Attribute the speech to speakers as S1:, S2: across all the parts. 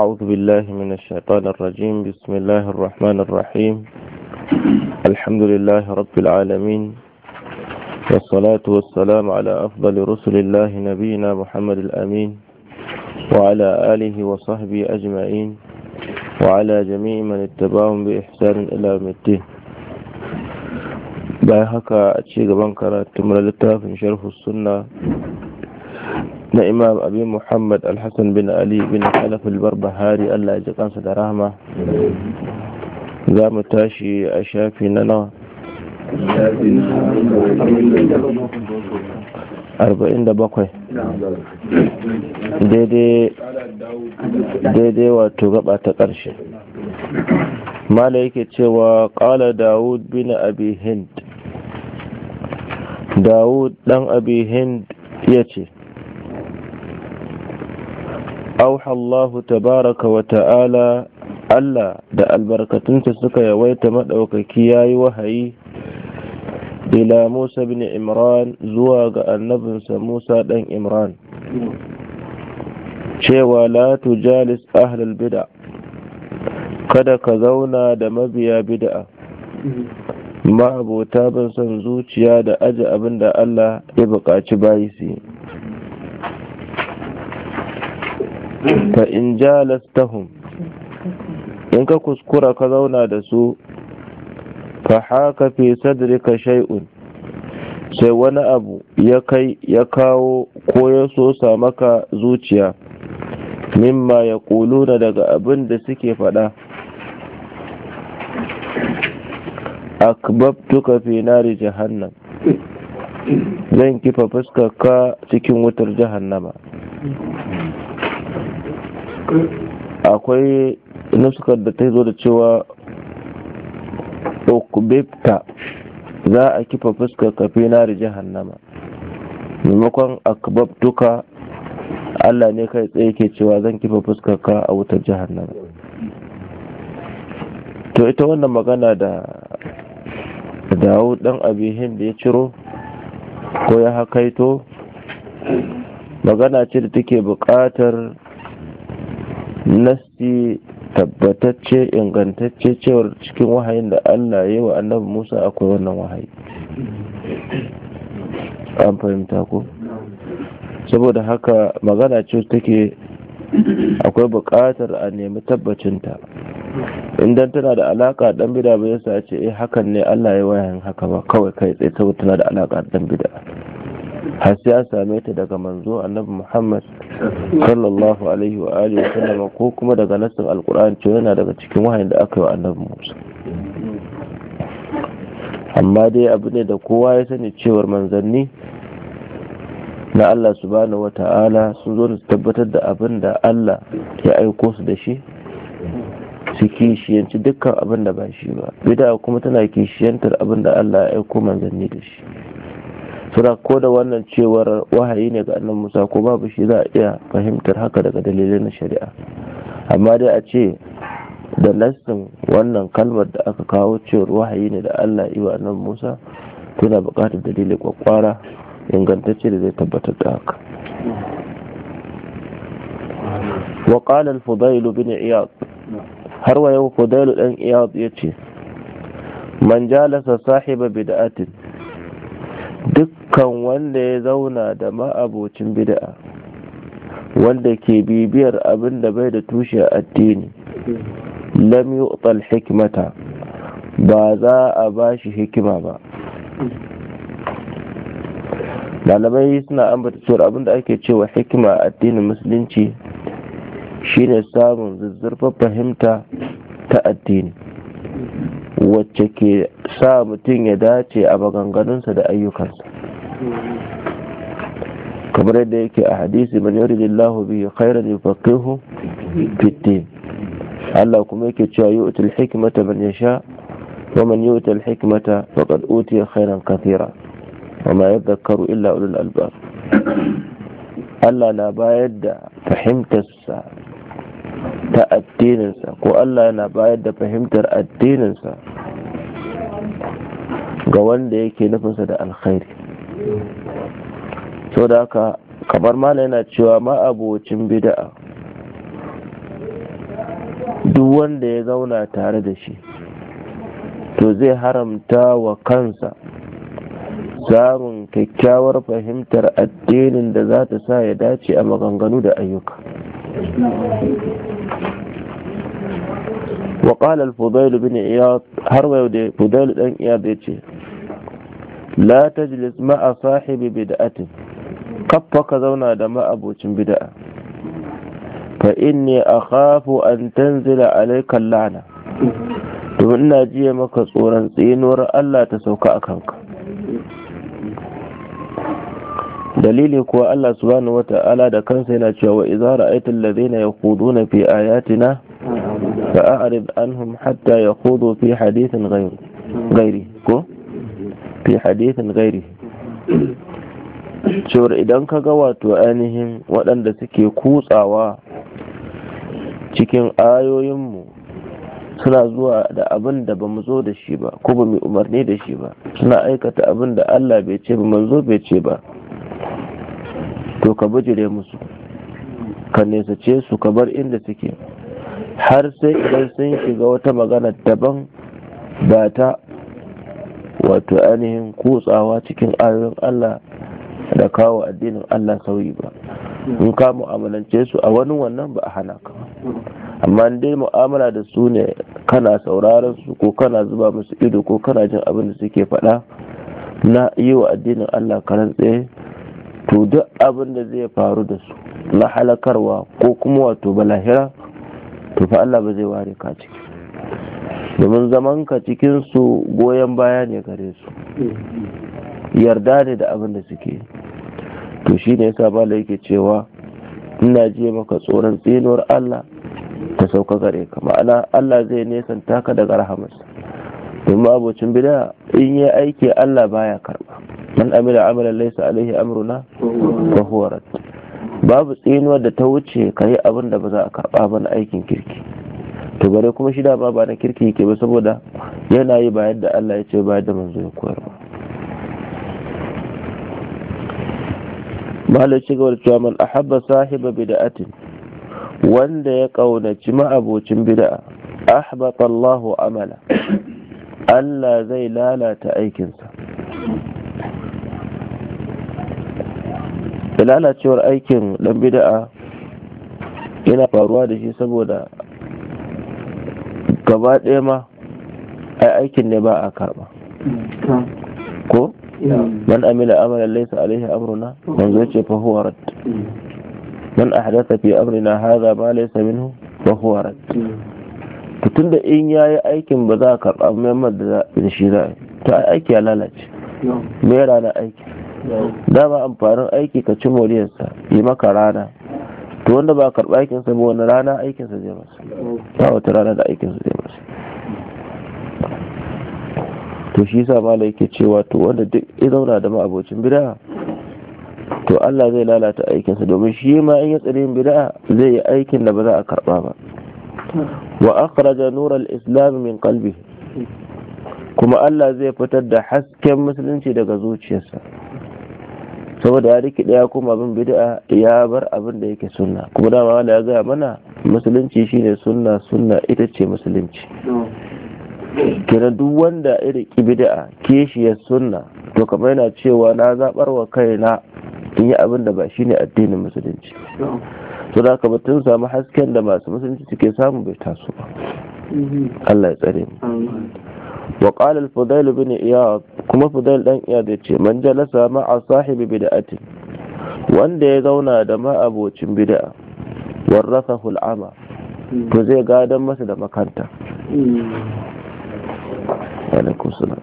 S1: أعوذ بالله من الشيطان الرجيم بسم الله الرحمن الرحيم الحمد لله رب العالمين والصلاة والسلام على أفضل رسل الله نبينا محمد الأمين وعلى آله وصحبه أجمعين وعلى جميع من اتبعهم بإحسان إلى مدين باهكا أتشيق بانكرا تمر لتاف شرف السنة na imam abi muhammad alhassan bin ali bin khalaf al Bahari, allah ji kansa da rahama za mu tashi a shafi na nawa
S2: 47
S1: daidai wato gaba ta ƙarshe mala yake cewa ƙala dawud bin abi hind dawud ɗan abi hind ya ce auha Allahu tabaraka wa ta'ala Allah da albarkatunsa suka yawaita maɗaukaki ya yi wahayi ila Musa bin Imran zuwa ga annabinsa Musa ɗan Imran cewa la tujalis ahlal bid'a kada ka zauna da mabiya bid'a ma'abota ban son zuciya da aji abin da Allah ya buƙaci bayi su yi fa in jalastahum in ka kuskura ka zauna da su fa haka fi sadrika shay'un sai wani abu ya kai ya kawo ko ya sosa maka zuciya mimma ya kuluna daga abin da suke faɗa akbabtuka fi nari jahannam zan kifa ka cikin wutar jahannama akwai nusukar da ta zo da cewa ukbibta za a kifa fuskar kafi na hannama maimakon akbab duka Allah ne kai tsaye ke cewa zan kifa fuskar ka a wutar nama. to ita wannan magana da dawo dan abihin da ya ciro ko ya hakaito magana ce da take buƙatar nasti tabbatacce ingantacce cewar cikin wahayin da Allah ya yi wa annabi Musa akwai wannan wahayi an fahimta ko saboda haka magana ce take akwai buƙatar a nemi tabbacinta idan tana da alaka dan bida bai yasa ce eh hakan ne Allah ya wayan haka ba kawai kai tsaye saboda tana da alaka dan bida har sai an same ta daga manzo annabi muhammad sallallahu alaihi wa alihi wa sallam ko kuma daga nassin alqur'ani cewa yana daga cikin wahayin da aka yi wa annabi musa amma dai abu ne da kowa ya sani cewar manzanni na Allah subhanahu wata'ala sun zo da tabbatar da abin da Allah ya aiko su da shi su kishiyanci dukkan abin da ba shi ba bida kuma tana kishiyantar abin da Allah ya aiko manzanni da shi sura ko da wannan cewar wahayi ne ga annan musa ko babu shi za a iya fahimtar haka daga dalilai na shari'a amma dai a ce da nassin wannan kalmar da aka kawo cewar wahayi ne da allah yi annan musa tana buƙatar dalilai kwakwara ingantacce da zai tabbatar da haka وقال الفضيل بن عياض har wa fudailu ɗan iyad ya ce man sa sahiba bid'atin dukkan wanda ya zauna da ma'abocin bida'a, wanda ke bibiyar abin da bai da tushe a addini lam yu'tal hikmata ba za a ba shi hikima ba malamai suna ambata cewar abin da ake cewa hikima a addinin musulunci shine samun zuzzurfar fahimta ta addini wacce ke sa mutum ya dace a maganganunsa da ayyukansa kamar yadda yake a hadisi man yuridillahu bihi khairan yufaqihu fiddin Allah kuma yake cewa yu'til hikmata man yasha wa man yu'til hikmata faqad utiya khairan kathira wa ma yadhakkaru illa ulul albab Allah na bayar da fahimtarsa ta addininsa ko Allah yana bayar da fahimtar addininsa ga wanda yake nufinsa da alkhairi so da haka kamar mala yana cewa ma'abocin bida'a duk wanda ya zauna tare da shi to zai haramta wa kansa samun kyakkyawar fahimtar addinin da za ta sa ya dace a maganganu da ayyuka wa qala al-fudayl bin har wayo da fudayl dan iyad yace la tajlis ma'a sahibi bid'atin kaffa ka zauna da ma'abocin bida'a. fa a kafu an tanzila alayka lana to ina jiya maka tsoron tsinuwar Allah ta sauka a kanka dalili kuwa Allah subhanahu wata'ala da kansa yana cewa wa idza ra'aytal ladhina yaquduna fi ayatina fa'arid anhum hatta yaqudu fi hadithin ghayri ghayri ko fi hadithin ghayri cewa idan ka ga wato ainihin waɗanda suke kutsawa cikin ayoyinmu suna zuwa da abin da ba mu zo da shi ba ko ba mu umarni da shi ba suna aikata abin da Allah bai ce ba manzo bai ce ba to ka bijire musu ka nesace su ka bar inda suke har sai idan sun shiga wata magana daban ba ta wato ainihin kutsawa cikin ayoyin Allah da kawo addinin Allah sauyi ba in ka mu'amalance su a wani wannan ba a hana ka amma dai mu'amala da su ne kana sauraron su ko kana zuba musu ido ko kana jin abin da suke faɗa na yi wa addinin Allah karan tsaye to duk abin da zai faru da su na halakarwa ko kuma wato balahira to fa Allah ba zai ware ka ciki domin zaman ka cikin su goyon baya ne gare su yarda ne da abin da suke to shi ne yasa bala yake cewa ina je maka tsoron tsinuwar Allah ta sauka gare ka ma'ana Allah zai nesanta ka daga rahamarsa domin abocin bida in yi aiki Allah baya karba man amila amalan laysa alaihi amruna fa huwa babu tsinuwar da ta wuce kai yi abin da ba za a karɓa ba na aikin kirki to bare kuma shi da ba na kirki yake ba saboda yana yi da Allah ya ce ba da manzo ya koyar ba Malam ci gaba da cewa man ahabba sahiba bid'atin wanda ya kaunaci ma'abocin bid'a ahbata Allahu amala Allah zai lalata aikinsa da lalacewar aikin dan bida'a yana faruwa da shi saboda gaba ɗaya ma ai aikin ne ba a karba ko man amila amalan laysa alaihi amruna manzo ce fa huwa rad man ahdatha fi amrina hadha ma laysa minhu fa huwa rad to tunda in yayi aikin ba za a karba mai da shi za a yi aiki ya lalace me rana aiki dama amfanin aiki ka ci moriyarsa yi maka rana to wanda ba karɓa aikinsa ba wani rana aikinsa zai masu ba wata rana da aikinsa zai masu to shi sa mala yake cewa to wanda duk ya zauna da ma'abocin bid'a to Allah zai lalata aikinsa domin shi ma in ya tsare bid'a zai yi aikin da ba za a karɓa ba wa akhraja nur al-islam min qalbihi kuma Allah zai fitar da hasken musulunci daga zuciyarsa saboda ya riki daya kuma bin bid'a ya bar abin da yake sunna kuma dama wanda ya gaya mana musulunci shine sunna sunna ita ce musulunci kira duk wanda ya riki bid'a ya sunna to kamar yana cewa na zabar wa kaina in yi abin da ba shine addinin musulunci to da ka batun samu hasken da masu musulunci suke samu bai taso ba mm-hmm. Allah ya tsare mu وقال الفضيل بن iyawa. kuma fudal dan iya da ce man jalasa ma'a sahibi bid'ati wanda ya zauna da ma'abocin bid'a warrasahu al'ama to zai gadan masa da makanta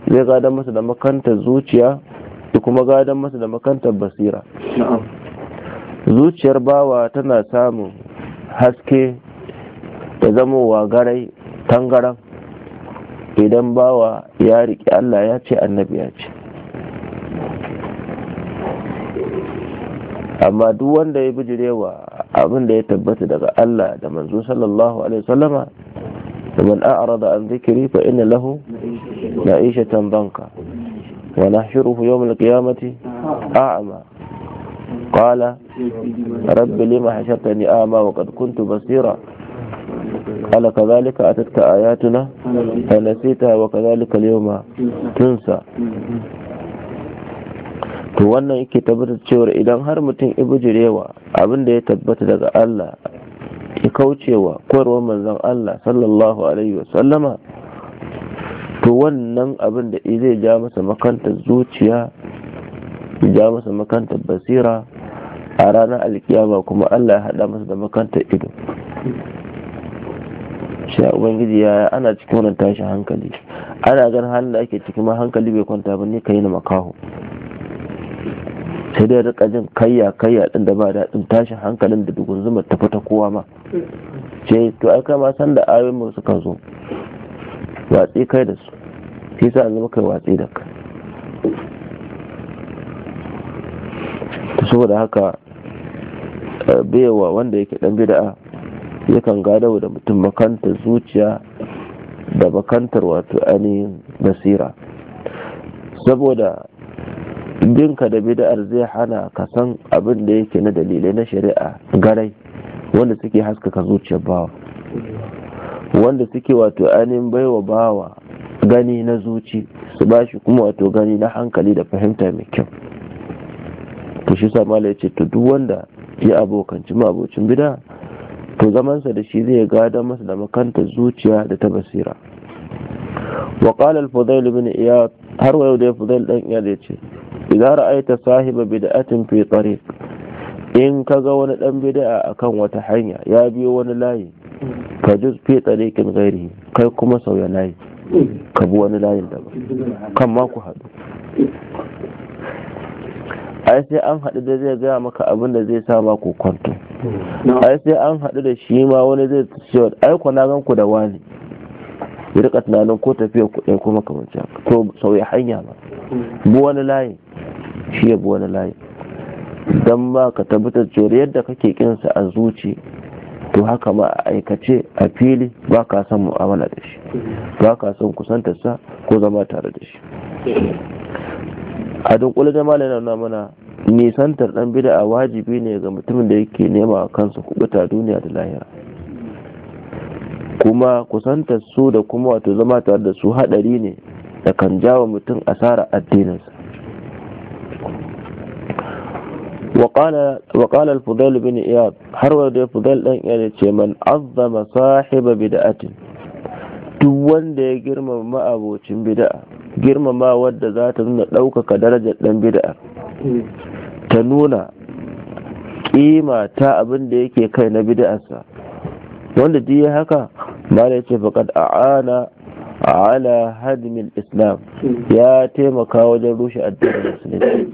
S1: zai gadan masa da makanta zuciya da kuma gadan masa da makantar basira zuciyar bawa tana samun haske da zamowa garai tangaran idan bawa ya riƙe Allah ya ce annabi ya ce amma duk wanda ya bijirewa abin da ya tabbata daga Allah da manzo sallallahu alaihi wasallama da man a'rada an zikiri fa inna lahu na'ishatan banka wa nahshuruhu yawm al-qiyamati a'ma qala rabbi lima hashartani a'ma wa qad kuntu basira ala kazalika atatka ayatuna fa nasita wa kazalika al tunsa to wannan yake tabbatar cewa idan har mutum ibijirewa abin da ya tabbata daga Allah ya kaucewa koyarwar manzon Allah sallallahu alaihi wa sallama to wannan abin da zai ja masa makanta zuciya ya ja masa makanta basira a ranar alkiyama kuma Allah ya haɗa masa da makanta ido sai ubangiji ya ana cikin wannan tashin hankali ana gan halin da ake cikin ma hankali bai kwanta ba ne ka yi na makaho sai dai rika jin kayya kayya din da ba daɗin tashin hankalin da tafi ta kowa ma ce to ai kai ma san da ayoyin mu suka zo watsi kai da su shi sa zama kai watsi da kai saboda haka eh, bewa wanda yake dan bid'a yakan gadawa da mutum makantar zuciya da makantar wato ainihin basira saboda binka da bida'ar zai hana ka san abin da yake na dalilai na shari'a garai wanda suke haskaka zuciyar bawa wanda suke wato ainihin baiwa bawa gani na zuci su bashi kuma wato gani na hankali da fahimta mai kyau to shi sa mala yace to duk wanda ya abokanci mabocin bida to zamansa da shi zai gada masa da makanta zuciya da ta basira wa qala al-fudail bin iyad har wa da fudail dan iyad yace idan ra'aita sahiba bid'atin fi tariq in ga wani dan bid'a akan wata hanya ya biyo wani layi ka juz fi tariqin ghairi kai kuma sauya layi ka bi wani layin daban kan ma ku haɗu ai sai an haɗu da zai gaya maka abin da zai sa ma ku kwanto ai sai an haɗu da shi ma wani zai ce ai ku na gan ku da wani ya rika tunanin ko tafiya ku ɗaya ko wancan to sauya hanya ba bu wani layi shi ya bu wani layi dan ba ka tabbatar cewa yadda kake kinsa a zuci to haka ma a aikace a fili ba ka son mu'amala da shi ba ka son kusantarsa ko zama tare da shi a dunkule da malai na mana nisantar dan bid'a wajibi ne ga mutumin da yake nema a kansa kubuta duniya da lahira kuma kusantar su da kuma wato zama tare da su haɗari ne da kan jawo mutum asara addininsa وقال bin الفضيل بن اياد ya ده فضيل دان اياد ce man azzama sahiba bidaatin duk wanda ya girmama ma'abocin bida'a. girmama wadda za ta nuna ɗaukaka darajar ɗan bid'a ta nuna ƙima ta abin da yake kai na bida'arsa wanda duk haka mara ya ce faƙad a'ana ala hadimin islam ya taimaka wajen rushe addinin musulunci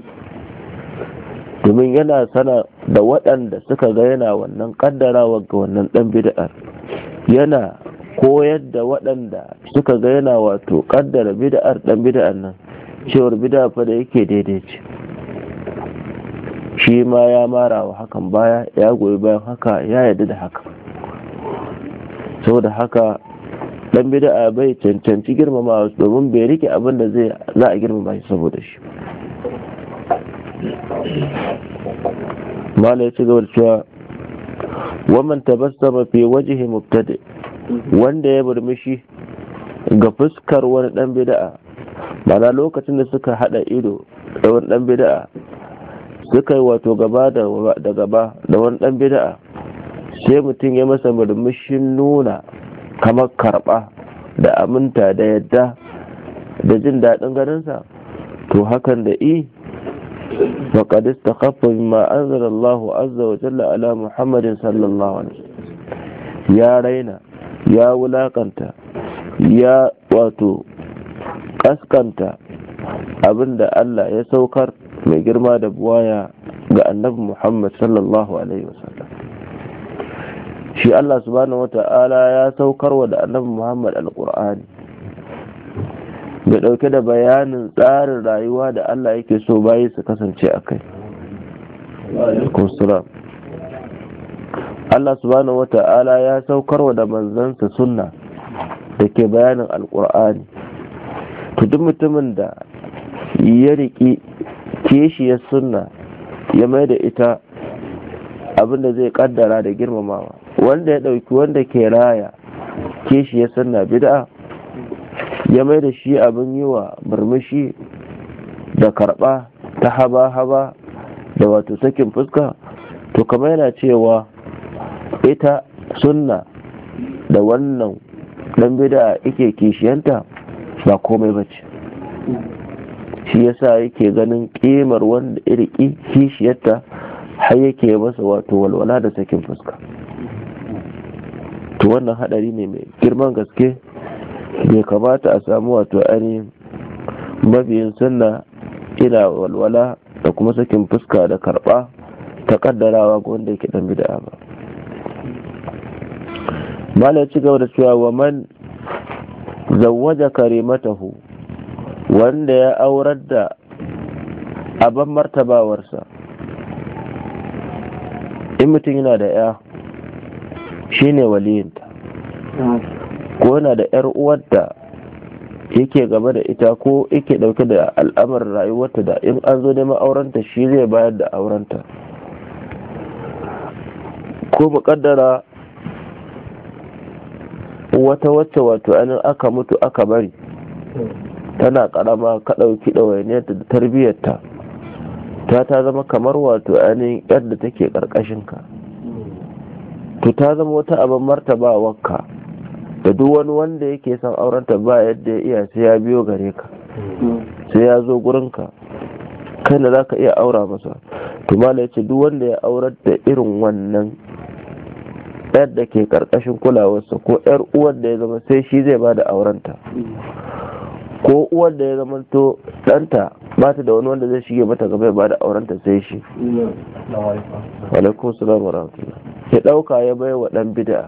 S1: domin yana sana da waɗanda suka ga yana wannan ƙaddarawa ga wannan ɗan bida'ar yana Ko yadda waɗanda suka ga yana wato ƙaddara bida'ar ɗan bida'ar nan cewar bida'a fa yake daidai ce shi ma ya mara wa hakan baya ya goyi bayan haka ya yarda da haka saboda haka ɗan bida'a bai cancanci girmama domin bai rike abin da zai za a girmama shi saboda shi mala ya ci gaba da cewa waman tabassama fi wajhi mubtadi wanda ya burmishi ga fuskar wani dan bid'a bana lokacin da suka hada ido da wani dan bid'a suka yi wato gaba da gaba da wani dan bida'a sai mutum ya masa murmushin nuna kamar karba da aminta da yadda da jin daɗin ganinsa to hakan da i فقد استخف بما أنزل الله عز وجل على محمد صلى الله عليه وسلم يا رينا يا ولاقنت يا واتو قسقنت abin da Allah ya saukar mai girma da buwaya ga annabi Muhammad sallallahu Alaihi wasallam shi Allah subhanahu wa ta'ala ya saukar wa da annabi Muhammad alƙur'ani da ɗauke da bayanin tsarin rayuwa da Allah yake so bayi su kasance a kai. Allah subhanahu wata'ala ya saukar wa da manzansa sunna da ke bayanin alkur'ani to duk mutumin da ya riƙi kishiyar sunna ya mai da ita abinda zai kaddara da girmamawa wanda ya ɗauki wanda ke raya kishiyar sunna bid'a ya mai da shi abin yi wa murmushi da karɓa ta haba-haba da wato sakin fuska to kamar yana cewa ita sunna da wannan dan bida ike kishiyanta ba komai ba ce shi yasa yake ganin kimar wanda iriki kishiyarta har yake masa wato walwala da sakin fuska to wannan hadari ne mai girman gaske bai kamata a samu wato ainihin mabiyin sunna ina walwala da kuma sakin fuska da karba ta kaddarawa ga wanda yake dan bid'a ba mala ya ci gaba da cewa wa man zawaja karimatahu wanda ya aurar da aban martabawarsa in mutum yana da ya shine waliyinta ko yana da 'yar uwarta yake gaba da ita ko yake dauke da al'amar rayuwarta da in an zo neman aurenta shi zai bayar da aurenta ko muƙaddara wata wacce wato ainihin aka mutu aka bari tana ƙarama ka ɗauki ɗawainiyarta da tarbiyyarta ta ta zama kamar wato ainihin yadda take ƙarƙashinka to ta zama wata abin martabawarka da duk wani wanda yake son aurenta ba yadda ya iya sai ya biyo gare ka sai ya zo gurinka kai da za ka iya aura masa to mala ce duk wanda ya aurar da irin wannan yar da ke karkashin kulawarsa ko yar uwar da ya zama sai shi zai ba da aurenta ko uwar da ya zama to ɗanta ba ta da wani wanda zai shige mata gaba ba da aurenta sai shi salam wa rahmatullah ya ɗauka ya bai wa ɗan bid'a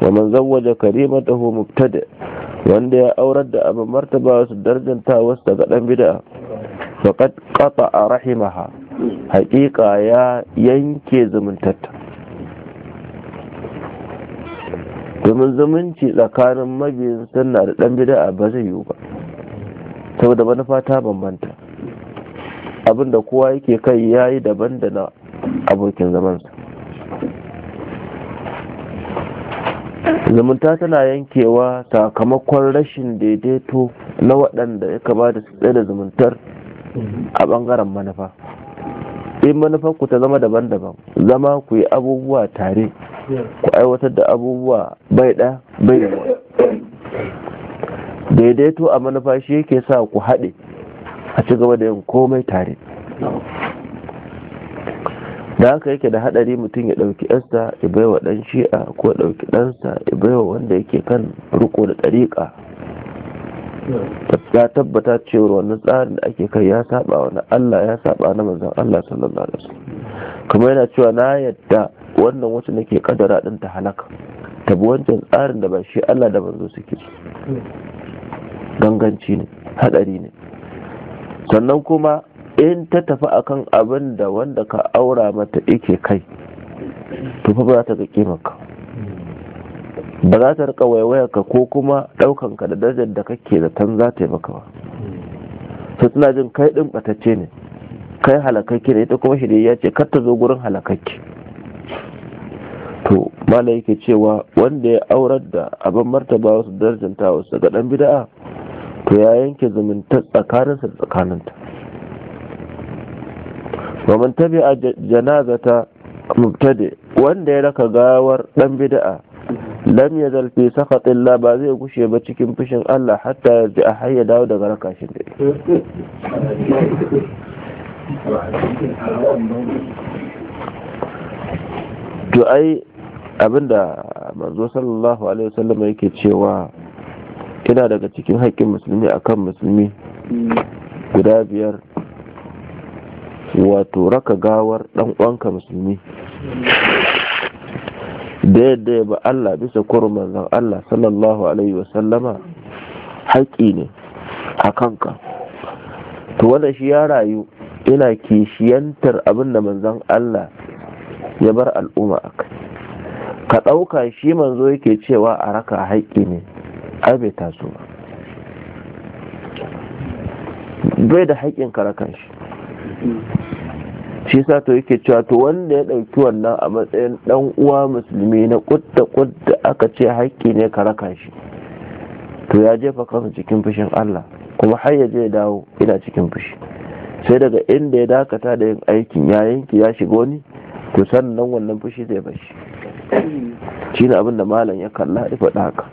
S1: wa man zawwaja karimatahu mubtada wanda ya aurar da abin martaba wasu darjanta wasu daga dan bid'a faqad qata'a rahimaha haƙiƙa ya yanke zumuntarta domin zumunci tsakanin mabiyin sunna da dan bid'a ba zai yiwu ba saboda manufa ta bambanta abinda kowa yake kai yayi daban da na abokin zamansa zumunta tana yankewa sakamakon rashin daidaito na waɗanda ya kamata su tsaye da zumuntar a ɓangaren manufa in manufar ku ta zama daban-daban zama ku yi abubuwa tare ku aiwatar da abubuwa bai ɗa bai daidaito a manufa shi yake sa ku haɗe a cigaba da yin komai tare da haka yake da hadari mutum ya dauki esta ya bai wa dan shi'a ko dauki ɗansa ya bai wa wanda yake kan riko da ɗariƙa ya tabbata cewar wannan tsarin da ake kai ya saba wani Allah ya saba na manzon Allah sallallahu alaihi wasallam kuma yana cewa na yadda wannan wasu nake kadara ɗin ta halaka ta wancan tsarin da ba shi Allah da manzo suke ganganci ne hadari ne sannan kuma in ta tafi akan abin da wanda ka aura mata ike kai to fa ba ta ga kimarka ba za ta rika waiwayarka ko kuma ɗaukanka da darajar da kake tan za ta yi maka ba su tana jin kai ɗin batacce ne kai halakakke ne ita kuma shirya ce kar ta zo gurin halakakke to mala yake cewa wanda ya aurar da abin martaba wasu darajanta wasu ga ɗan bida'a to ya yanke zumunta tsakaninsa da tsakaninta wa man tabi'a janazata mubtadi wanda ya raka gawar dan bid'a lam yazal fi sakhatillah ba zai gushe ba cikin fushin Allah hatta ya ji a hayya dawo daga raka shi da to ai abinda manzo sallallahu alaihi wasallam yake cewa ina daga cikin haƙƙin musulmi akan musulmi guda biyar wato raka gawar ɗan uwanka musulmi da yadda ba Allah bisa kurman zan Allah sallallahu alaihi wasallama haƙƙi ne a kanka to wanda shi ya rayu ina kishiyantar abin da manzan Allah ya bar al'umma a kai ka ɗauka shi manzo yake cewa a raka haƙƙi ne ai bai taso ba bai da haƙƙin karakan shi shi sa to yake cewa to wanda ya ɗauki wannan a matsayin ɗan uwa musulmi na kudda kudda aka ce haƙƙi ne ka raka shi to ya jefa kansa cikin fushin Allah kuma har ya je dawo ina cikin fushi sai daga inda ya dakata da yin aikin ya yanki ya shiga wani to sannan wannan fushi zai bashi shi ne abin da malam ya kalla ya faɗa haka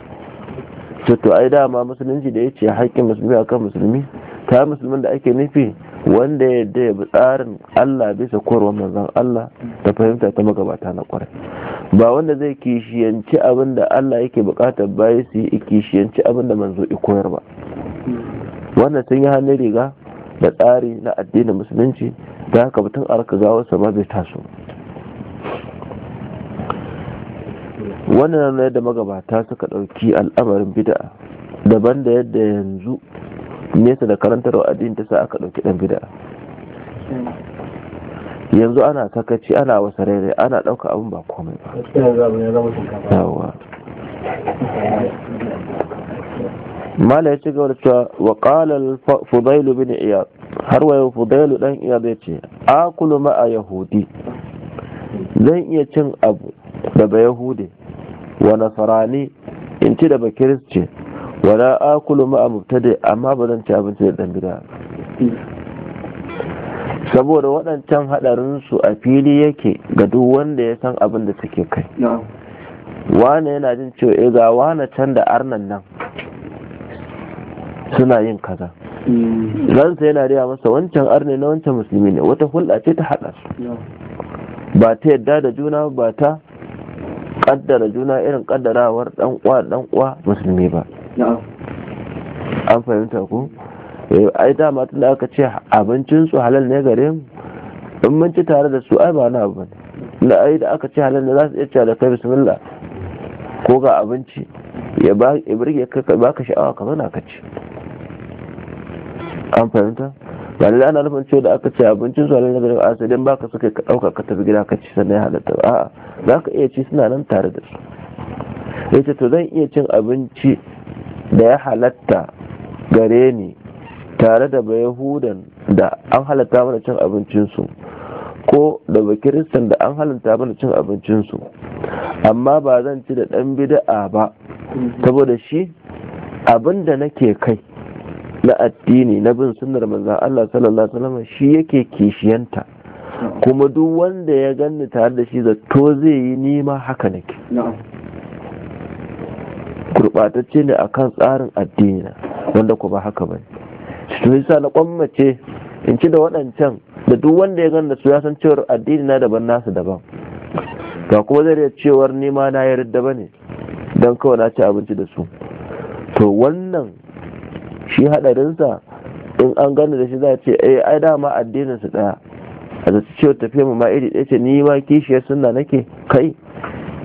S1: to ai dama musulunci da ya ce haƙƙin musulmi akan musulmi ta musulmin da ake nufi wanda ya yadda ya tsarin Allah bisa korwar manzon Allah ta fahimta ta magabata na kwarai ba wanda zai kishiyanci abin da Allah yake bukatar bayan su yi kishiyanci abin da manzo ya koyar ba wannan sun yi hannun riga da tsari na addinin musulunci ta haka mutum arka gawarsa ma bai taso wannan na da magabata suka ɗauki al'amarin bid'a daban da yadda yanzu nesa da da wa'adin ta sa aka ɗauki ɗan bida yanzu ana sakaci ana wasa rere ana ɗauka abin ba komai
S2: ba
S1: mala ya ci gaba da cewa wa qala fudailu bin iya har wayo fudailu ɗan iya zai ce akulu ma'a yahudi zan iya cin abu da ba yahudi wa nasarani in ci da ba kiristi wala akulu ma mubtadi amma ba zan ci abinci da dan gida saboda waɗancan haɗarin su a fili yake ga duk wanda ya san abin da suke kai wane yana jin cewa eh ga wane can da arnan nan suna yin kaza ransa mm. yana riya masa wancan arne na wancan musulmi ne wata hulɗa ce ta haɗa su ba ta yadda da juna ba ta kaddara juna irin kaddarawar dan uwa dan uwa musulmi ba an fahimta ku eh, ai dama tun da aka ce abincin su halal ne gare mu in mun ci tare da su ai ba na abu ne da ai da aka ce halal ne za su iya cewa da kai bismillah ko ga abinci ya birge ka baka sha'awa ka zauna ka ci an fahimta ba da ana nufin cewa da aka ce abincin su halal ne gare a sai dan baka suka ka dauka ka tafi gida ka ci sannan ya halatta a'a za ka iya ci suna nan tare da su yace to zan iya cin abinci da ya halatta gare ni tare da bayahudan da an halatta mana cin abincinsu ko da bakiristan da an halatta mana cin abincinsu amma ba zan ci da ɗan bida'a ba saboda shi abin da nake kai na addini na bin sunnar manzan Allah sallallahu alaihi shi yake kishiyanta kuma duk wanda ya ganni tare da shi zato zai yi nima haka nake gurɓatacce ne akan tsarin addini wanda ku ba haka bane to yasa na kwammace in ci da waɗancan da duk wanda ya ganda su ya san cewar addini na daban nasu daban ga kuma zai iya cewar nima na yarda bane dan kawai na ci abinci da su to wannan shi haɗarinsa in an gane da shi za a ce eh ai dama addinin su ɗaya a zaci cewa tafiya mu ma iri ɗaya ce ni ma kishiyar sunna nake kai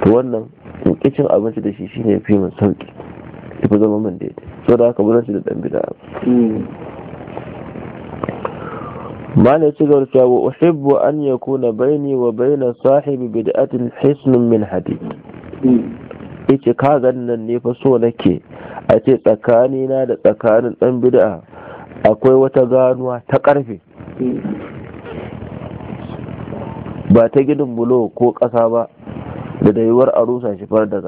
S1: to wannan in cin abinci da shi shine fi mun sauki ki zama mande. daidai so da haka burin shi da dan bida ne ci gaba cewa wa uhibbu an yakuna baini wa baina sahibi bid'atin hisnun min hadid yace ka nan ne fa so nake a ce tsakanina da tsakanin dan bid'a akwai wata ganuwa ta karfe ba ta gidan bulo ko ƙasa ba da da yiwuwar a rusa shi far da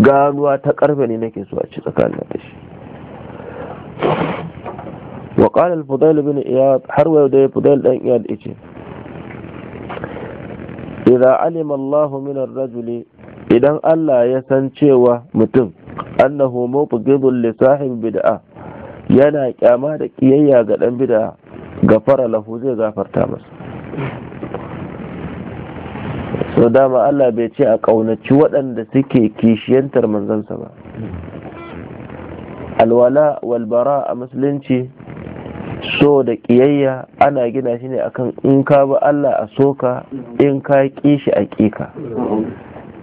S1: ganuwa ta karfe ne nake so a ci tsakanin da shi wa qala al-fudail bin iyad har wa da fudail dan iyad yace idza alima rajuli idan Allah ya san cewa mutum annahu mubghidun li sahib bida'a, yana kyama da kiyayya ga dan bida'a gafara lahu zai gafarta masa so dama Allah bai ce a ƙaunaci waɗanda suke kishiyantar manzansa ba alwala walbara a musulunci so da ƙiyayya ana gina shi ne akan in ka bi Allah a soka in ka ƙi shi a ƙika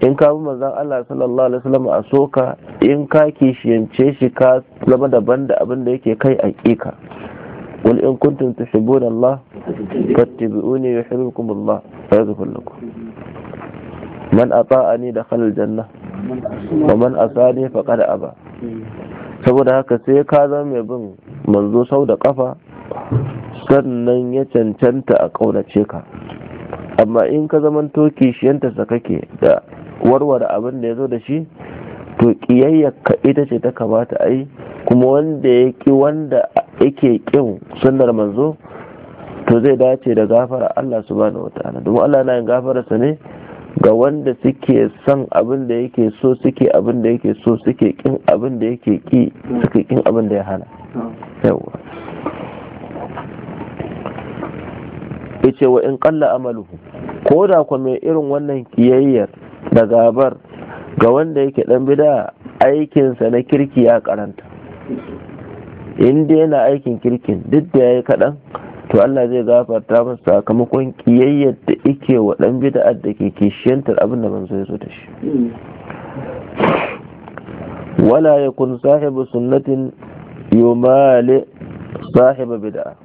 S1: in ka bi manzan Allah sallallahu alaihi wasallam a soka in ka kishiyance shi ka zama daban da abin da yake kai a ƙika قل إن كنتم تحبون الله فاتبعوني يحببكم الله ويغفر لكم man ne da khalal janna wa man asani da aba saboda haka sai ka zama mai bin manzo sau da kafa sannan ya cancanta a ƙaunace ka amma in ka zaman to kishiyanta sa kake da warware abin da ya zo da shi to ka ita ce ta kamata a yi kuma wanda ya ki wanda yake ƙin sunnar manzo to zai dace da gafara Allah subhanahu wataala domin Allah na yin gafararsa ne ga wanda suke son abin da yake so suke abin da yake so suke kin abin da yake ki suke kin abin da ya hana yawa yace wa in kalla amaluhu ko da kwa mai irin wannan kiyayyar da gabar ga wanda yake dan bida aikinsa na kirki ya karanta inda yana aikin kirkin duk da ya yi kadan to Allah zai gafarta masa sakamakon kiyayyar da ike wa dan bid'a da ke kishiyantar abin da manzo ya zo da shi wala yakun sahibu sunnatin yumali sahibu bid'a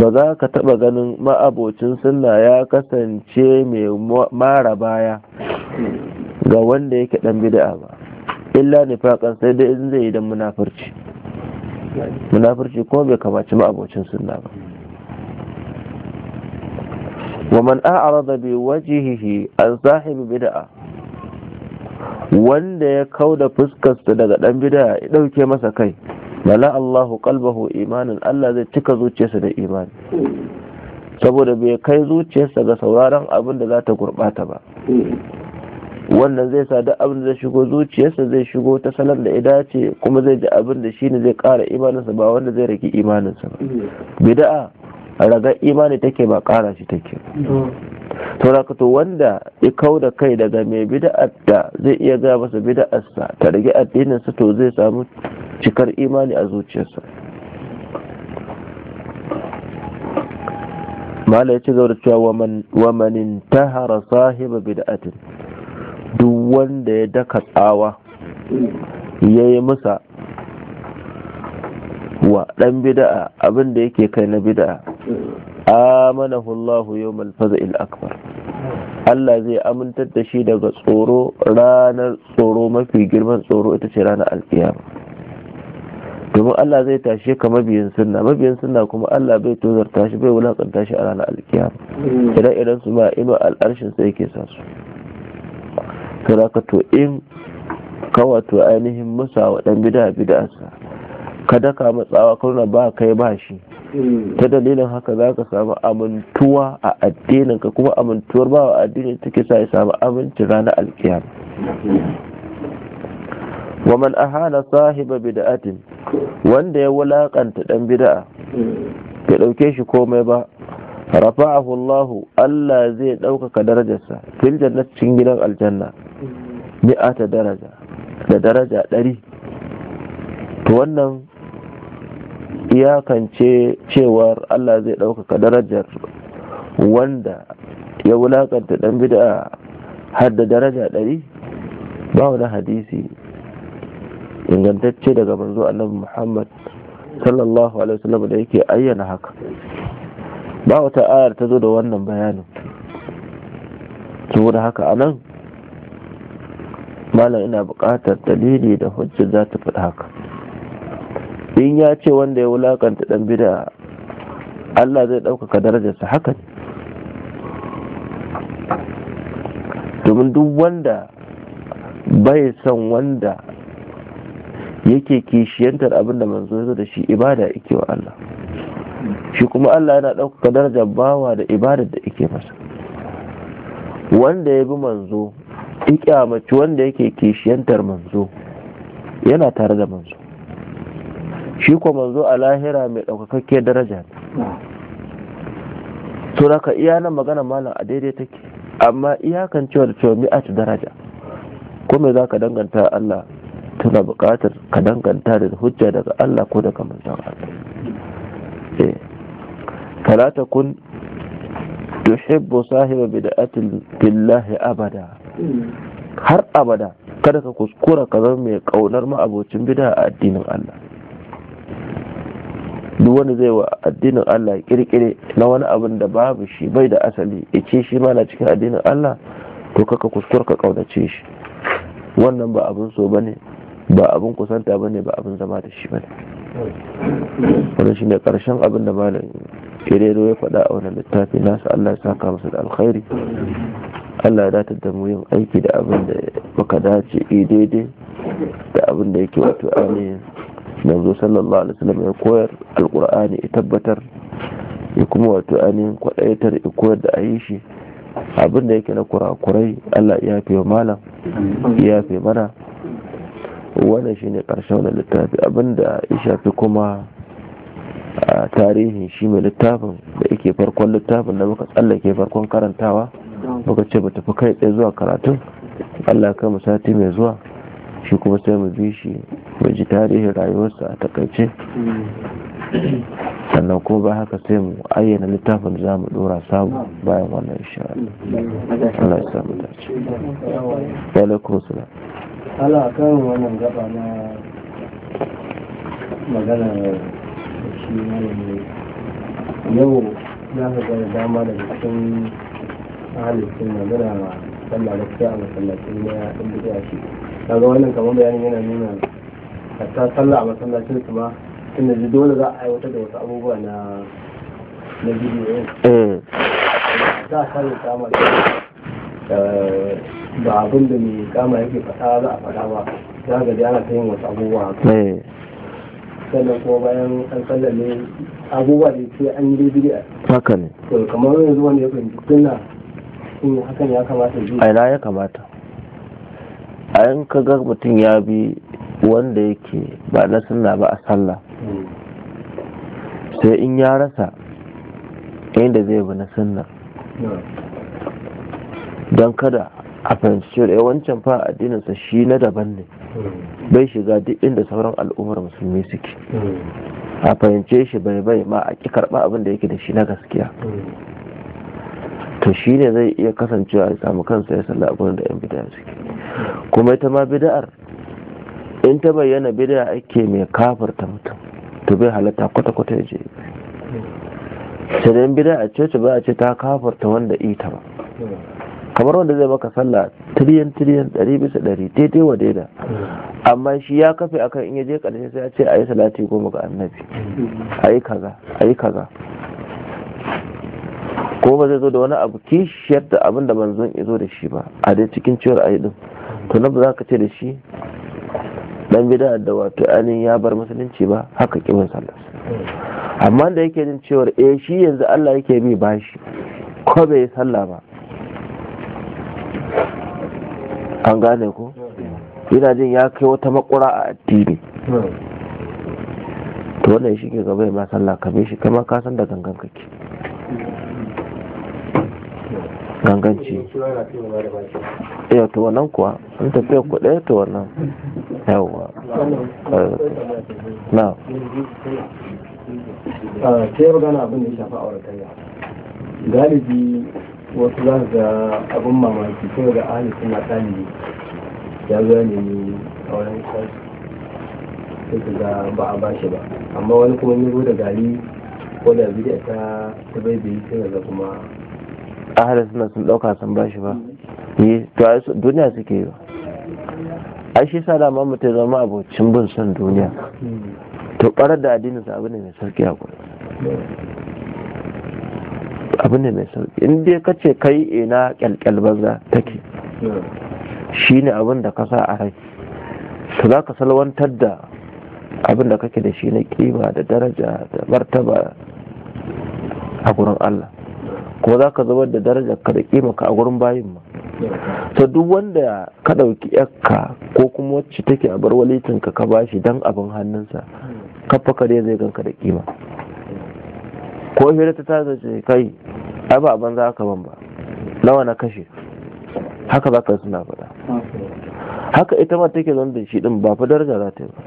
S1: ba za ka taba ganin ma'abocin sunna ya kasance mai mara baya ga wanda yake ɗan bid'a ba illa fakan sai dai in zai yi don munafurci munafurci kuma bai kamaci ma'abocin sunna ba ومن أعرض بوجهه عن صاحب بدعة wanda ya kau da fuskarsa daga ɗan bida ya ɗauke masa kai bala Allahu qalbahu imanin Allah zai cika zuciyarsa da imani saboda bai kai zuciyarsa ga sauraron abin da za ta gurɓata ba wannan zai sa duk abin da zai shigo zuciyarsa zai shigo ta salon da ya dace kuma zai ji abin da shine zai ƙara imaninsa ba wanda zai rage imaninsa ba bid'a ragar imani take ba kara shi take sauraka to wanda ya kau da kai daga mai bida'ar da zai iya gaya masa sa ta rage addinin sa to zai samu cikar imani a zuciyarsa mala ya ci gaba da cewa ta tahara sahiba bida'atin duk wanda ya daka tsawa ya yi musa wa ɗan bida'a abinda yake kai na bida'a amanahu Allah yawmal faza'il akbar Allah zai amintar da shi daga tsoro ranar tsoro mafi girman tsoro ita ce ranar alkiyama domin Allah zai tashe ka mabiyin sunna mabiyin sunna kuma Allah bai tozarta shi bai wulakanta shi a ranar alkiyama idan idan su ma ino al'arshin sai yake sa su saraka to in ka wato ainihin musa wa dan bida bida'arsa ka daka matsawa kuna ba kai ba shi Hmm. ta dalilin haka za ka samu amintuwa a addinin ka kuma amintuwar ba wa addini take sa ya samu aminci ranar alkiyama wa man ahana sahiba bid'atin wanda ya wulaƙanta dan bida'a. ya dauke shi komai ba rafa'ahu Allahu Allah zai ɗaukaka darajarsa fil jannati cikin gidan aljanna mi'ata daraja da daraja ɗari to wannan Ya iyakance cewar Allah zai ɗaukaka darajar wanda ya wulakanta ɗan bid'a har da daraja ɗari ba wani hadisi ingantacce daga manzo annabi Muhammad sallallahu alaihi wasallam da yake ayyana haka ba wata ayar ta zo da wannan bayanin saboda haka anan malam ina buƙatar dalili da hujjar za ta faɗi haka in ya ce wanda ya wulakanta dan bida Allah zai ɗaukaka darajarsa haka ne domin duk wanda bai son wanda yake kishiyantar abin da manzo ya da shi ibada yake wa Allah shi kuma Allah yana ɗaukaka darajar bawa da ibadar da yake masa wanda ya bi manzo ya mace wanda yake kishiyantar manzo yana tare da manzo shi kuwa manzo a lahira mai ɗaukakakke daraja ne to daga iya nan magana malam a daidai take amma iyakan cewa da cewa mi'at daraja ko me za ka danganta Allah tana buƙatar ka danganta da hujja daga Allah ko daga manzon Allah eh fala tuhibbu sahiba bid'atin billahi abada har abada kada ka kuskura ka zama mai kaunar ma'abocin bid'a a addinin Allah duk wani zai wa addinin Allah kirkire na wani abin da babu shi bai da asali ice shi ma na cikin addinin Allah to kaka kuskur ka kaunace shi wannan ba abin so bane ba abin kusanta bane ba abin zama da shi bane wannan shine karshen abin da malam kirero ya faɗa a wani littafi nasu Allah ya saka masa da alkhairi Allah ya datar da mu yin aiki da abin da baka dace daidai da abin da yake wato ainihin manzo sallallahu alaihi wasallam ya koyar alkur'ani ya tabbatar ya kuma wato ainihin kwadaitar ya koyar da ayi shi abin da yake na kurakurai Allah ya fi malam ya fi mana wannan shine karshen wannan littafi abin da ya kuma a tarihin shi mai littafin da yake farkon littafin da muka tsallake farkon karantawa muka ce ba tafi kai tsaye zuwa karatun Allah ya mu sati mai zuwa shi kuma sai mu bi shi mu ji tarihin rayuwarsa a takaice sannan ko ba haka sai mu ayyana littafin za mu dora samu bayan wannan ishara Allah ya samu dace ya alaikum salam
S2: Allah wannan gaba na magana shi malami yau na ka dama da cikin ahalin sunna muna sallah a masallacin na ɗan shi kaga wannan kamar bayanin yana nuna hatta sallah a masallacin su ma tunda ji dole za a aiwatar da wasu abubuwa na na bidiyo mm. za a kare kama eh, ba abin da mai kama yake fata za a fada ba za ga dai ana yin wasu abubuwa mm. sannan kuma bayan an ne abubuwa da ke an yi bidiyo haka ne kamar yanzu wanda ya fahimci sunna in hakan ya kamata ji
S1: ai ya kamata a yin kaga mutum ya bi wanda yake ba na sunna ba a sallah sai in ya rasa inda zai bi na sunna don kada a fahimci cewa eh, wancan fa addininsa shi na daban ne bai shiga duk inda sauran al'ummar musulmi suke a fahimce shi bai bai ma a ƙi karɓa abin da yake da shi na gaskiya to shi ne zai iya kasancewa a samu kansa ya sallah abin da yan bid'a suke kuma ita ma bida'ar in ta bayyana bida'a ake mai kafarta mutum to bai halatta kwata-kwata ya je sai bida'a ce ce ba a ce ta kafarta wanda ita ba kamar wanda zai maka sallah tiriyan tiriyan ɗari bisa ɗari daidai wa daida amma shi ya kafe akan in ya je shi sai a ce a yi salati goma ga annabi a yi kaza a yi kaza ko ba zai zo da wani abu kishiyar da abinda da manzon ya zo da shi ba a dai cikin ciwon ayi din to ba za ka ce da shi dan bida da wato anin ya bar musulunci ba haka kimin sallar amma da yake jin cewa eh shi yanzu Allah yake bi bashi ko bai sallah ba an gane ko Ina jin ya kai wata makura a addini to wannan shi ke gaba ma sallah ka bi shi kamar ka san da gangan kake ganganci iya eh, to wannan kuwa in tafiya ku ɗaya to wannan yawwa eh, na
S2: ta yi magana abin da ya shafa auratayya galibi wasu za ga abin mamaki ko ga ahli suna ɗalibi ya zo ya nemi auren kwashi sai su ga ba a bashi ba amma wani kuma ya zo da gari ko da zai ta ta bai bai sai ga kuma
S1: ahalar suna sun ɗauka sun bashi ba yi to duniya suke yi a shi sa dama ya zama abocin bin son duniya to ɓarar da addinin su abu ne mai sauki a gurin abu ne mai sauki in dai ka ce kai ina kyalkyal banza take shi ne abin da ka a rai su za ka salwantar da abin da kake da shi na kima da daraja da martaba a gurin Allah kuma za ka zubar da daraja ka da ka a gurin bayin ma to duk wanda ka ɗauki yakka ko kuma wacce take a bar walitin ka ka bashi dan abin hannunsa kafa kare zai ganka da kima ko hira ta tazo ce kai ai ba abin za ka ban ba nawa na kashe haka za ka suna faɗa haka ita ma take zan da shi din ba fa daraja za ta yi ba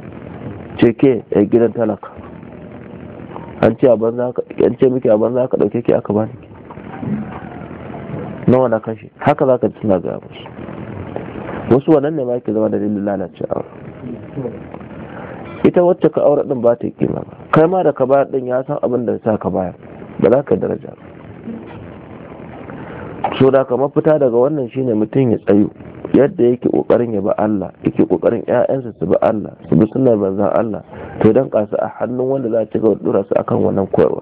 S1: ce ke gidan talaka an ce miki abin za aka ɗauke ki aka bani ki nawa na kashe haka za ka ji suna gaya musu wasu wannan ne ma ke zama dalilin lalace a ita wacce ka aure din ba ta yi kima ba kai ma da ka bayar ɗin ya san abin da sa ka bayar ba za ka daraja ba so da ka mafita daga wannan shine mutum ya tsayu yadda yake kokarin ya ba Allah yake kokarin ƴaƴansa su ba Allah su bi sunnar banzan Allah to dan kasu a hannun wanda za ta ga dura su akan wannan koyarwa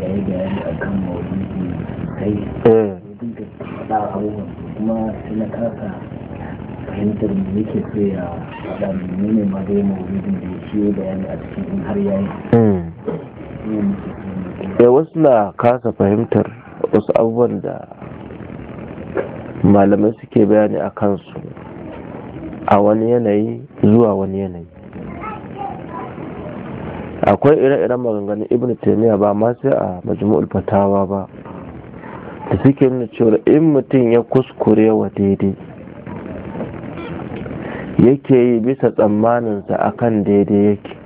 S2: ya yi a kan maulidi kai duk eh. da faɗa abubuwan kuma sai na kasa fahimtar me yake so ya faɗa mene ne ma dai maulidin da ya ciye bayani a cikin in har yayi hmm.
S1: sai eh, wasu na kasa fahimtar wasu abubuwan da malamai suke bayani a kansu a wani yanayi zuwa wani yanayi akwai ire-iren maganganun ibn taimiyya ba ma sai a majmu'ul fatawa ba da suke nuna cewa in mutum ya kuskure wa daidai yake yi bisa tsammaninsa akan daidai yake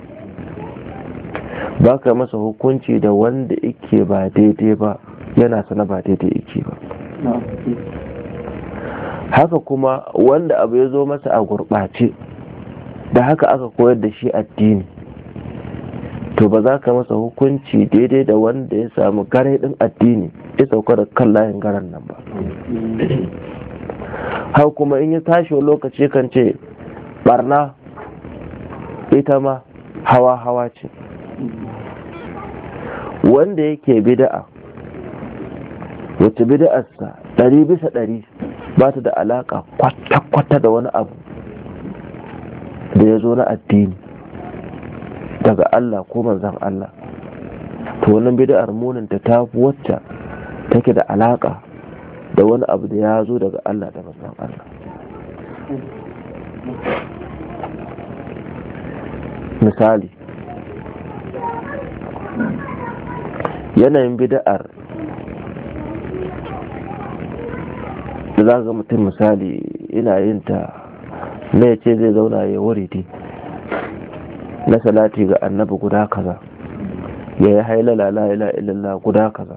S1: ba ka masa hukunci da wanda yake ba daidai ba yana sana ba daidai yake ba haka kuma wanda abu ya zo masa a gurɓace da haka aka koyar da shi addini to ba za ka masa hukunci daidai da wanda ya samu gare din addini ya sauka da kan layin garan nan ba har kuma in ya tashi lokaci kan ce barna ita ma hawa-hawa ce wanda yake bida'a wata bida'arsa ɗari bisa ɗari ba ta da alaƙa kwata-kwata da wani abu da ya zo na addini daga Allah ko manzan Allah to wannan bid'ar munin ta tafi wacce take da alaƙa da wani abu da ya zo daga Allah da manzan Allah misali yanayin bid'ar da za ga mutum misali ina yin ta na ya ce zai zauna ya ware na salati ga annabi guda kaza ya yi hailala la ila illallah guda kaza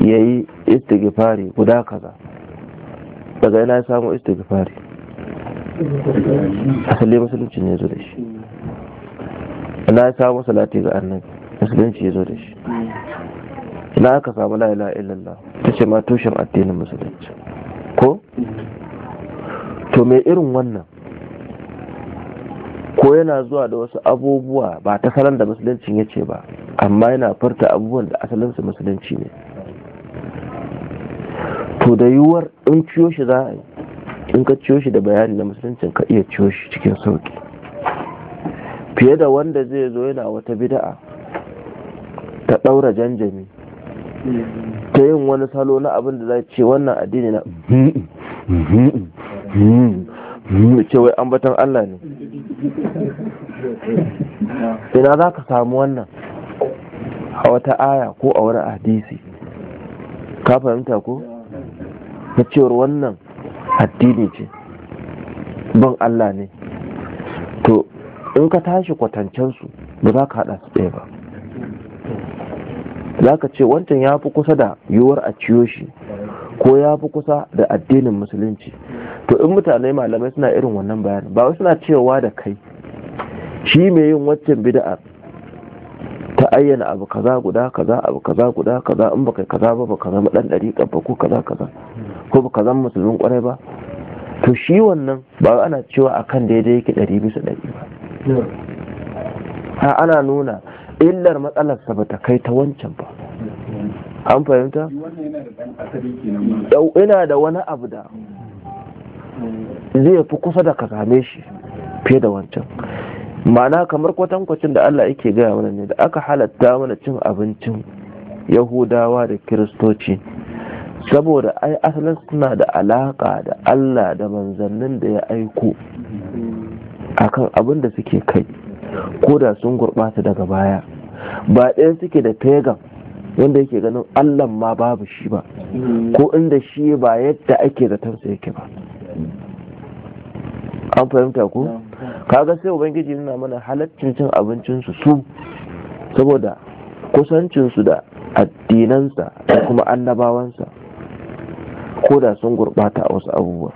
S1: ya yi istighfari guda kaza daga yana ya samu istighfari asali musulunci ne zo da shi ina ya samu salati ga annabi musulunci ya zo da shi ina aka samu la ila illallah ta ce ma tushen addinin musulunci ko to me irin wannan ko yana zuwa da wasu abubuwa ba ta salon da musuluncin ya ce ba amma yana furta abubuwan da asalinsu musulunci ne to da yiwuwar in ciyo shi za a yi in ka ciyo shi da bayani na musuluncin ka iya ciyo shi cikin sauki fiye da wanda zai zo yana wata bida'a ta ɗaura janjami ta yin wani salo na abin da za ce wannan addini na cewai wai ambatan Allah ne ina za ka samu wannan a wata aya ko a wani hadisi ka fahimta ko na cewar wannan addini ce ban Allah ne to in ka tashi kwatancensu ba za ka haɗa su ɗaya ba za ka ce wancan ya fi kusa da yiwuwar a ciyo shi ko ya fi kusa da addinin musulunci to in mutane malamai suna irin wannan bayanin ba suna cewa da kai shi mai yin waccan bida'a ta ayyana abu kaza guda kaza abu kaza guda kaza in baka kaza ba baka zama dan dari ba ko kaza kaza ko baka zama musulmin kwarai ba to shi wannan ba ana cewa kan daidai yake dari bisa dari ba ha ana nuna illar matsalar ba ta kai ta wancan ba an fahimta ina da wani abu da zai fi kusa da ka same shi fiye da wancan ma'ana kamar kwatankwacin da Allah yake gaya mana ne da aka halatta mana cin abincin yahudawa da kiristoci saboda ai asalin suna da alaka da Allah da manzannin da ya aiko akan abin da suke kai ko da sun gurɓata daga baya ba ɗaya suke da pagan wanda yake ganin Allah ma babu shi ba mm. ko inda shi ba yadda ake zaton sa yake ba an fahimta ku kaga sai ubangiji nuna mana halaccin cin abincinsu su saboda kusancinsu da addinansa da kuma annabawansa ko da sun gurɓata a wasu abubuwa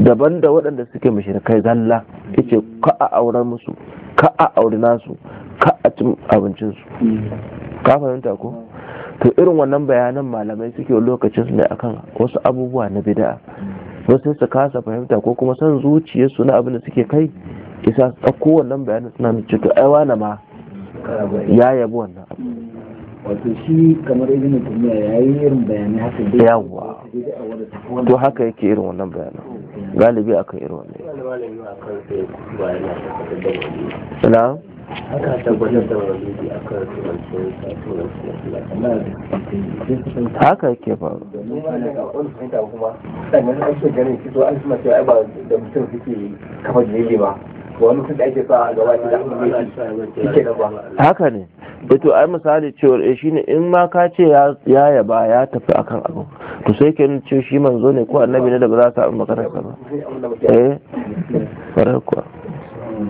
S1: daban da waɗanda suke mashirkai zalla yace ka a auren musu ka a auri nasu ka a cin abincinsu mm. ka fahimta ko to irin wannan bayanan malamai suke lokacin su ne akan wasu abubuwa na bid'a wasu su kasa fahimta ko kuma son zuciyarsu na abin da suke kai isa su wannan bayanan suna mace cikin ai wani ma ya yabu wannan wato shi kamar irin tumiya ya yi irin bayanai haka dai yawa to haka yake irin wannan bayanan galibi akan irin wannan haka tabbatar da
S2: a kan
S1: haka ba
S2: domin ga kuma sannan ganin fito an ba da mutum suke kafa ba
S1: haka ne eh, to ai misali cewar eh shine in ma ka ce ya yaba ya tafi akan abu to sai ke ce shi manzo ne ko annabi ne da ba za a samu makaranta ba eh kuwa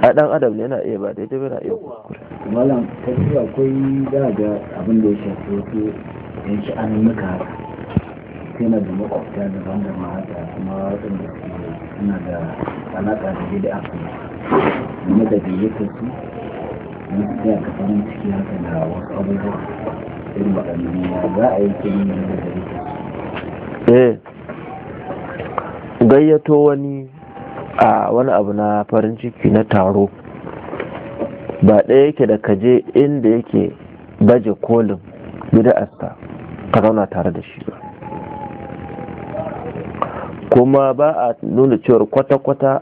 S1: a dan adam ne na iya ba daidai ba na iya kuskure malam kasu
S2: akwai da ga abin da ya shafi wato ya ci an muka yana da makwabta daban da mata kuma waɗanda suna da alaƙa da gida a kuma game da gayyatar su na su ya ka farin ciki haka da wasu abubuwa irin waɗannan ya za a yi kenan da gayyatar su
S1: eh, gayyato wani a wani abu na farin ciki na taro ba ɗaya yake da kaje inda yake baje kolin bida'arsa ka zauna tare da shi ba kuma ba a nuna cewar kwata-kwata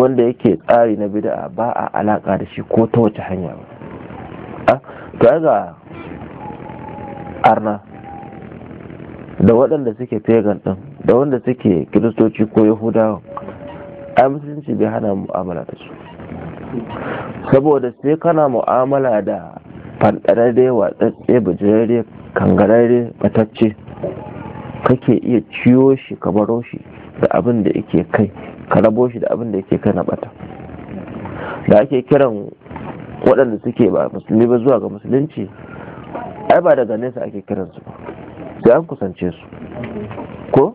S1: wanda yake tsari na bida'a ba a alaka da shi ko ta wace hanya ba a ga arna da waɗanda suke pagan ɗin da wanda suke kiristoci ko yahudawa a musulunci bai hana mu'amala da su saboda sai kana mu'amala da fanɗararre watsatse bujirarre kangararre batacce kake iya ciyo shi ka baro shi da abin da yake kai ka shi da abin da yake kai na bata da ake kiran waɗanda suke ba musulmi ba zuwa ga musulunci ai ba daga nesa ake kiransu ba sai an kusance su ko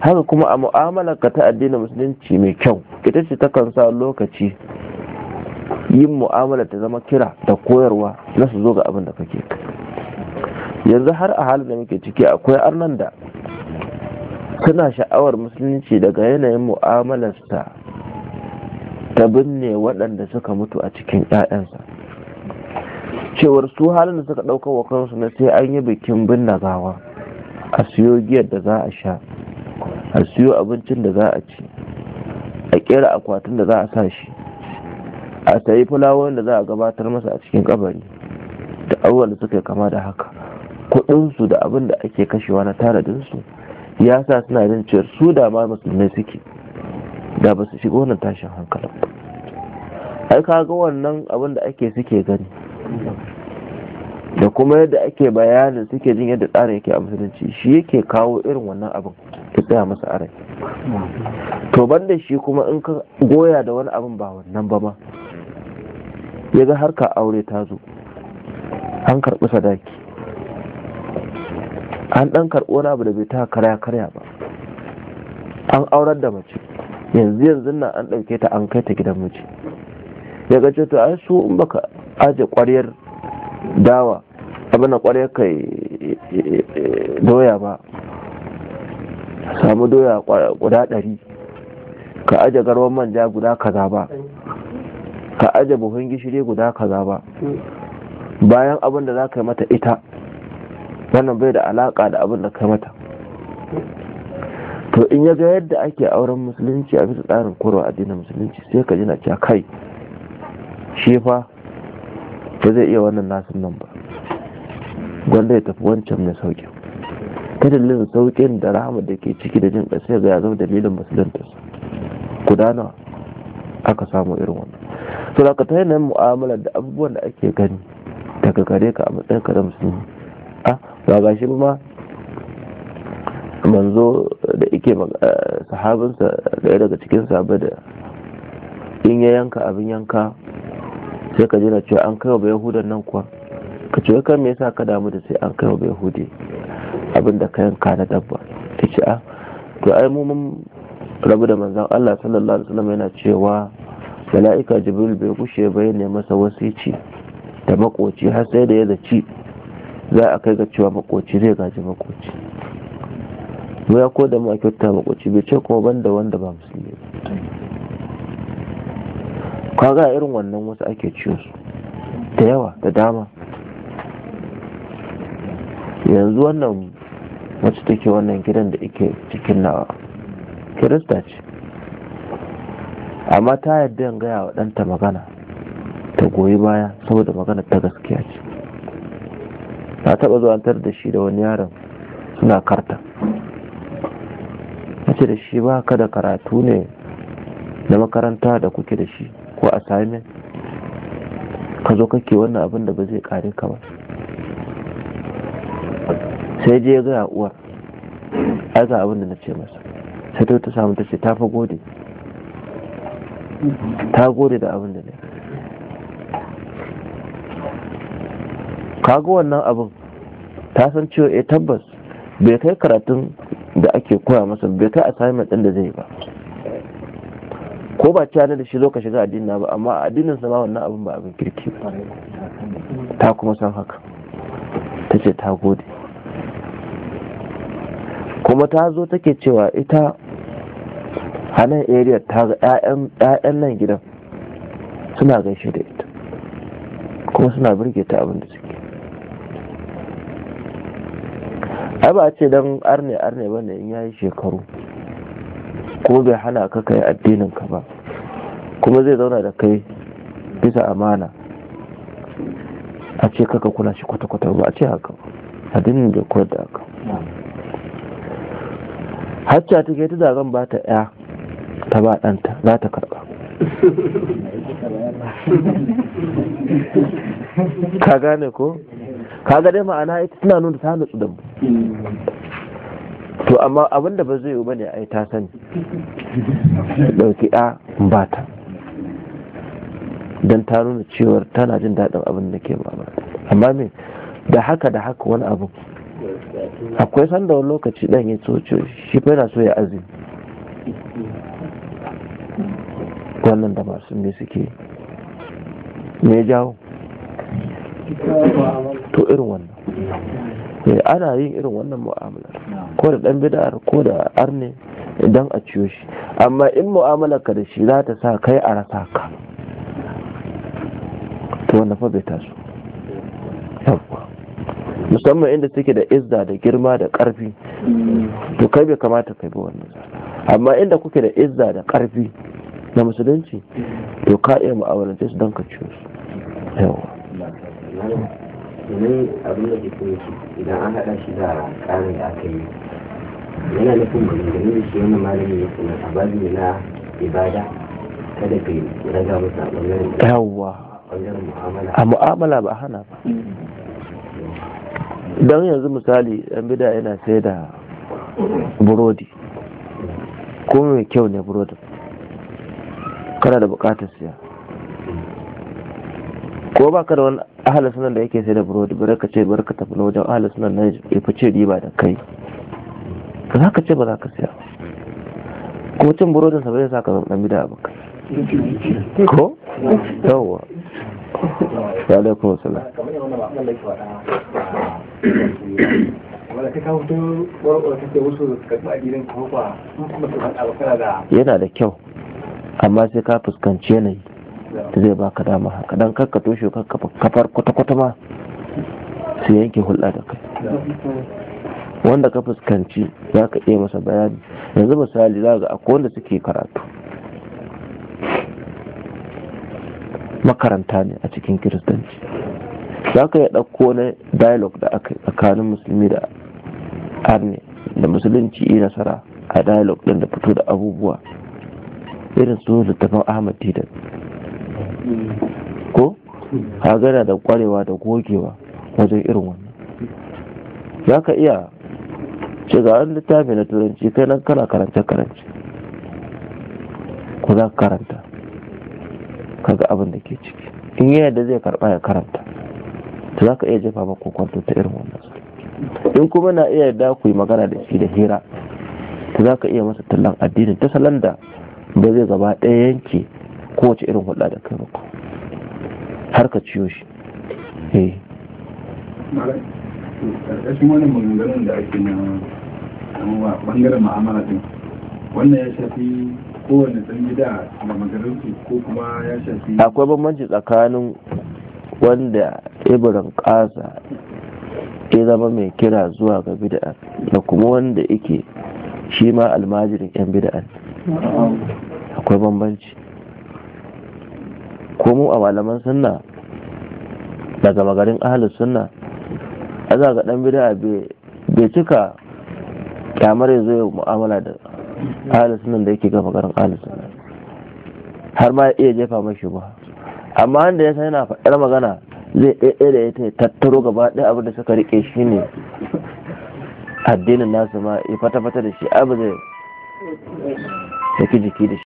S1: haka kuma a mu'amalar ka ta addinin musulunci mai kyau ita ce takan sa lokaci yin mu'amala ta zama kira da koyarwa na su zo ga abin da kake yanzu har a halin da muke ciki akwai arnan da suna sha'awar musulunci daga yanayin mu'amalarsa ta binne waɗanda suka mutu a cikin 'ya'yansa cewar su halin da suka ɗauka wa kansu na sai an yi bikin binne gawa a siyo giyar da za a sha a siyo abincin da za a ci a kera akwatin da za a sa shi a sayi fulawoyin da za a gabatar masa a cikin kabari da awwal da suka kama da haka kudinsu da abin da ake kashewa na taradinsu ya sa suna jin cewar su da ma musulmai suke da ba su shiga wannan tashin hankalin ai kaga wannan abin da ake suke gani da kuma yadda ake bayanin suke jin yadda tsarin yake a musulunci shi yake kawo irin wannan abin ta tsaya masa a rai to banda shi kuma in ka goya da wani abin ba wannan ba ma ya ga harka aure ta zo an karɓi sadaki an ɗan karɓi wani abu da bai ta karya karya ba an aurar da mace yanzu yanzu nan an ɗauke ta an kai ta gidan mace ya ga to ai su in baka aje ƙwaryar dawa abin da kwarai kai eh, eh, eh, doya ba samu doya guda ɗari ka aje garwan manja guda kaza ba ka aje buhun gishiri guda kaza ba bayan abin da za ka yi mata ita wannan bai da alaƙa da abin da ka mata to in ya ga yadda ake auren musulunci a bisa tsarin a addinin musulunci sai ka jina cewa kai shi fa ba zai iya wannan nasin nan ba gwanda ya tafi wancan mai sauƙin ta dalilin sauƙin da rahama da ke ciki da jin ƙasai ga ya zama dalilin musuluntarsa gudana aka samu irin wannan so da ka ta mu'amalar da abubuwan da ake gani daga gare ka a matsayin ka da musulmi a ba ga shi ma manzo da ike eh, sahabinsa ɗaya daga cikin sabai da in ya yanka abin yanka sai ka jina cewa an kai wa yahudan nan kuwa ka ce kan me yasa ka damu da sai an kai wa yahudi abin da ka yanka na dabba ta ce a to ai mu mun rabu da manzan Allah sallallahu alaihi wasallam yana cewa mala'ika jibril bai kushe bai ne masa wasici da makoci har sai da ya zaci za a kai ga cewa makoci zai gaji makoci mu ya koda mu a kyauta makoci bai ce kuma ban da wanda ba musulmi kaga irin wannan wasu ake ciyo su da yawa da dama yanzu wannan wacce take wannan gidan da ike cikin nawa kirista ce amma ta yadda yin gaya wa ɗanta magana ta goyi baya saboda magana ta gaskiya ce ta taɓa zuwantar da shi da wani yaron suna karta ce da shi ba ka da karatu ne na makaranta da kuke da shi ko assignment ka zo kake wannan abin da ba zai kare ka ba sai je ya gaya uwar ai ga abin da na ce masa sai ta samu ta ce ta fa gode ta gode da abin da ne kago wannan abin ta san cewa ya eh, tabbas bai kai karatun da ake koya masa bai kai assignment din da zai ba ko ba ci da shi zo ka shiga addinin ba amma addinin sa ba wannan abin ba abin kirki ba ta kuma san haka ta ce ta gode kuma ta zo take cewa ita a nan area ta ga 'ya'yan nan gidan suna gaishe da ita kuma suna birge ta abin da suke ai ba ce don arne arne ba ne in yayi shekaru ko bai hana ka kai addinin ka ba kuma zai zauna da kai bisa amana a ce kaka kula shi kwata-kwata ba a ce haka dinin da kuwa da haka hacca ta ke ta zan ba ta ya ta ba ɗanta za ta karɓa ka gane ko ka gane ma'ana ita tana nuna ta nutsu da mu to amma abinda ba zai yi a yi ta sani dauki a ba ta don ta nuna cewar tana jin daɗin abin da ke ba amma me da haka da haka wani abu akwai sanda wani lokaci ɗan ya coci shi fa yana so ya azumi wannan da masu ne suke me jawo to irin wannan eh, ana yin irin wannan mu'amala ko da ɗan bid'ar ko da arne idan a ciyo shi amma in mu'amalar ka da shi za ta sa kai a rasa ka to wannan fa bai taso yawwa musamman inda suke da izza da girma da ƙarfi to kai bai kamata kai bi wannan amma inda kuke da izza da ƙarfi na musulunci to ka iya mu'amalance su don ka ciyo su yawa
S2: domin abin da ke idan an haɗa shi da ƙarin da aka yi yana nufin maganganu da shi wani malami ya kuma a na ibada kada ka yi raga masa ɓangaren
S1: yawa a mu'amala ba hana ba don yanzu misali yan bida yana sai da burodi ko mai kyau ne burodin kana da bukatar siya ko ba ka da wani ahalar sunan da yake sai da burodi bari ka ce bari ka tafi wajen ahalar sunan na ya fi ce riba da kai ba za ka ce ba za ka siya kuma cin burodin sa bai sa ka zama dan bida ba ko yawwa yana da kyau amma sai ka fuskanci yanayi da zai baka dama haka dan kakka toshe kafar kwata-kwata ma su yanke hulɗa da kai wanda ka fuskanci za ka iya masa bayani yanzu misali za ga akwai wanda suke karatu makaranta ne a cikin kiristanci za ka yi ɗauko na dialogue da aka yi tsakanin musulmi da arne da musulunci yi nasara a dialogue ɗin da fito da abubuwa irin su littafin ahmad didan ko hagana da kwarewa da gogewa wajen irin wannan za ka iya shiga wani littafi na turanci kai nan kana karance karance ku za ka karanta abin da ke ciki in yi yadda zai karba ya karanta to za ka iya jefa ba kwanto ta irin wannan in kuma na iya yadda ku yi magana da shi da hira to za ka iya masa tallan addinin ta salon da ba zai gaba ɗaya yanke kowace irin hulɗa da kai ba har ka ciyo shi eh. wannan ya shafi kowane ɗan gida da ko kuma ya shafi akwai bambanci tsakanin wanda ibiran ƙasa ya zama mai kira zuwa ga bida'a da kuma wanda yake shi ma almajirin yan bida'a akwai bambanci ko mu a malaman sunna daga magarin ahalus sunna a za ga dan bid'a bai cika kyamar ya zo mu'amala da ahalin sunan da yake gaba garin ahalin sunan har ma iya jefa mai ba amma wanda ya san yana faɗar magana zai ɗaya da ita tattaro gaba ɗaya abin da suka riƙe shi ne addinin nasu ma ya fata-fata da shi abu zai saki jiki da shi